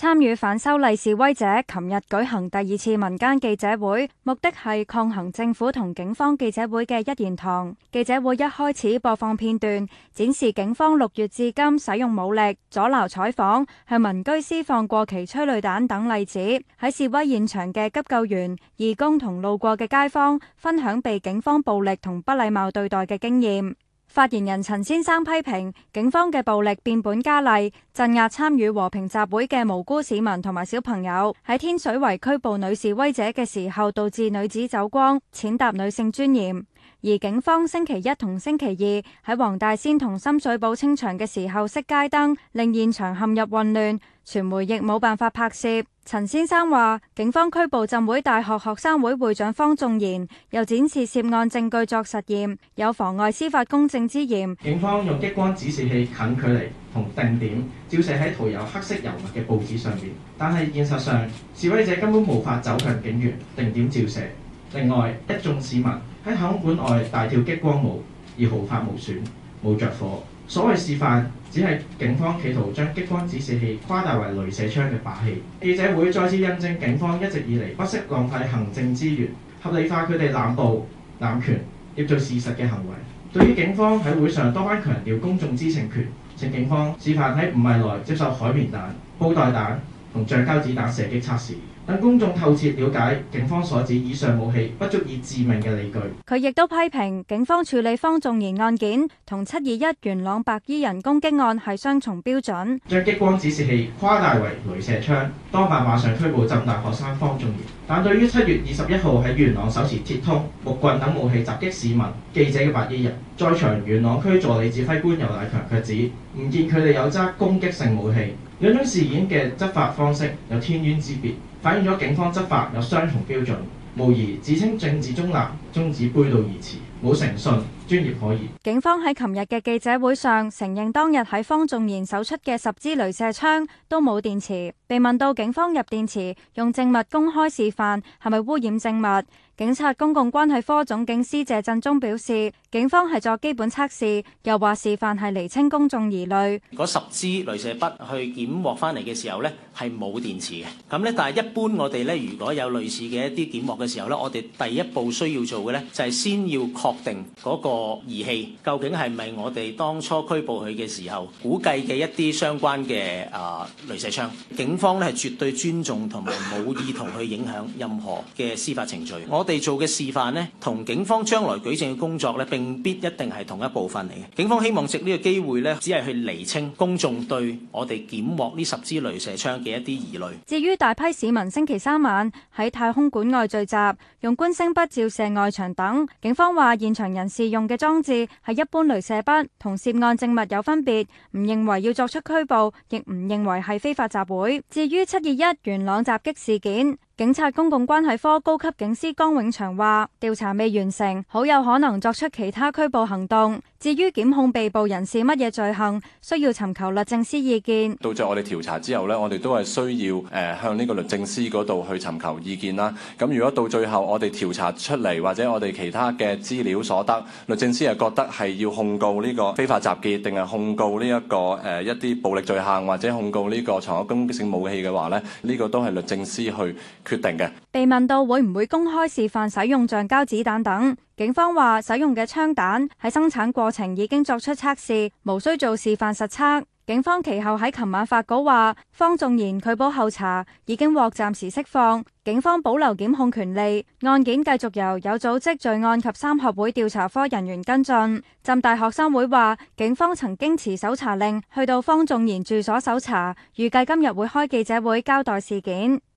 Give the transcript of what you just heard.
參與反修例示威者琴日舉行第二次民間記者會，目的係抗衡政府同警方記者會嘅一言堂。記者會一開始播放片段，展示警方六月至今使用武力、阻撓採訪、向民居施放過期催淚彈等例子。喺示威現場嘅急救員、義工同路過嘅街坊分享被警方暴力同不禮貌對待嘅經驗。發言人陳先生批評警方嘅暴力變本加厲，鎮壓參與和平集會嘅無辜市民同埋小朋友，喺天水圍拘捕女示威者嘅時候，導致女子走光，踐踏女性尊嚴。而警方星期一同星期二喺黃大仙同深水埗清場嘅時候熄街燈，令現場陷入混亂，傳媒亦冇辦法拍攝。陳先生話：警方拘捕浸會大學學生會會長方仲賢，又展示涉案證據作實驗，有妨礙司法公正之嫌。警方用激光指示器近距離同定點照射喺塗有黑色油墨嘅報紙上面，但係現實上，示威者根本無法走向警員定點照射。另外，一眾市民喺太空館外大跳激光舞，而毫髮無損，冇着火。所謂示範，只係警方企圖將激光指示器誇大為鐳射槍嘅把戲。記者會再次印證警方一直以嚟不惜浪費行政資源，合理化佢哋濫暴、濫權、捏造事實嘅行為。對於警方喺會上多番強調公眾知情權，請警方示範喺五米內接受海綿彈、布袋彈，同橡膠子彈射擊測試，等公眾透徹了解警方所指以上武器不足以致命嘅理據。佢亦都批評警方處理方仲賢案件同七二一元朗白衣人攻擊案係雙重標準，將激光指示器誇大為鐳射槍，當晚馬上拘捕浸大學生方仲賢。但對於七月二十一號喺元朗手持鐵通、木棍等武器襲擊市民、記者嘅白衣人，在場元朗區助理指揮官游乃強卻指唔見佢哋有揸攻擊性武器。兩種事件嘅執法方式有天淵之別，反映咗警方執法有雙重標準，無疑自稱政治中立中止背道而馳，冇誠信，專業可疑。警方喺琴日嘅記者會上承認，當日喺方仲賢搜出嘅十支鐳射槍都冇電池。被問到警方入電池用證物公開示範係咪污染證物，警察公共關係科總警司謝振中表示。警方係做基本測試，又話示範係釐清公眾疑慮。嗰十支鐳射筆去檢獲翻嚟嘅時候呢，係冇電池嘅。咁呢，但係一般我哋呢，如果有類似嘅一啲檢獲嘅時候呢，我哋第一步需要做嘅呢，就係、是、先要確定嗰個儀器究竟係咪我哋當初拘捕佢嘅時候估計嘅一啲相關嘅啊、呃、鐳射槍。警方呢，係絕對尊重同埋冇意圖去影響任何嘅司法程序。我哋做嘅示範呢，同警方將來舉證嘅工作呢。並。未必一定係同一部分嚟嘅。警方希望藉呢個機會咧，只係去釐清公眾對我哋檢獲呢十支鐳射槍嘅一啲疑慮。至於大批市民星期三晚喺太空館外聚集，用觀星筆照射外牆等，警方話現場人士用嘅裝置係一般鐳射筆同涉案證物有分別，唔認為要作出拘捕，亦唔認為係非法集會。至於七二一元朗襲擊事件。警察公共關係科高級警司江永祥話，調查未完成，好有可能作出其他拘捕行動。至於檢控被捕人士乜嘢罪行，需要尋求律政司意見。到咗我哋調查之後呢，我哋都係需要誒向呢個律政司嗰度去尋求意見啦。咁如果到最後我哋調查出嚟，或者我哋其他嘅資料所得，律政司係覺得係要控告呢個非法集結，定係控告呢、呢個呃、一個誒一啲暴力罪行，或者控告呢個藏有攻擊性武器嘅話呢，呢、呢個都係律政司去。決定。被問到會唔會公開示範使用橡膠子彈等，警方話使用嘅槍彈喺生產過程已經作出測試，無需做示範實測。警方其後喺琴晚發稿話，方仲賢拒保候查已經獲暫時釋放，警方保留檢控權利，案件繼續由有組織罪案及三合會調查科人員跟進。浸大學生會話，警方曾經持搜查令去到方仲賢住所搜查，預計今日會開記者會交代事件。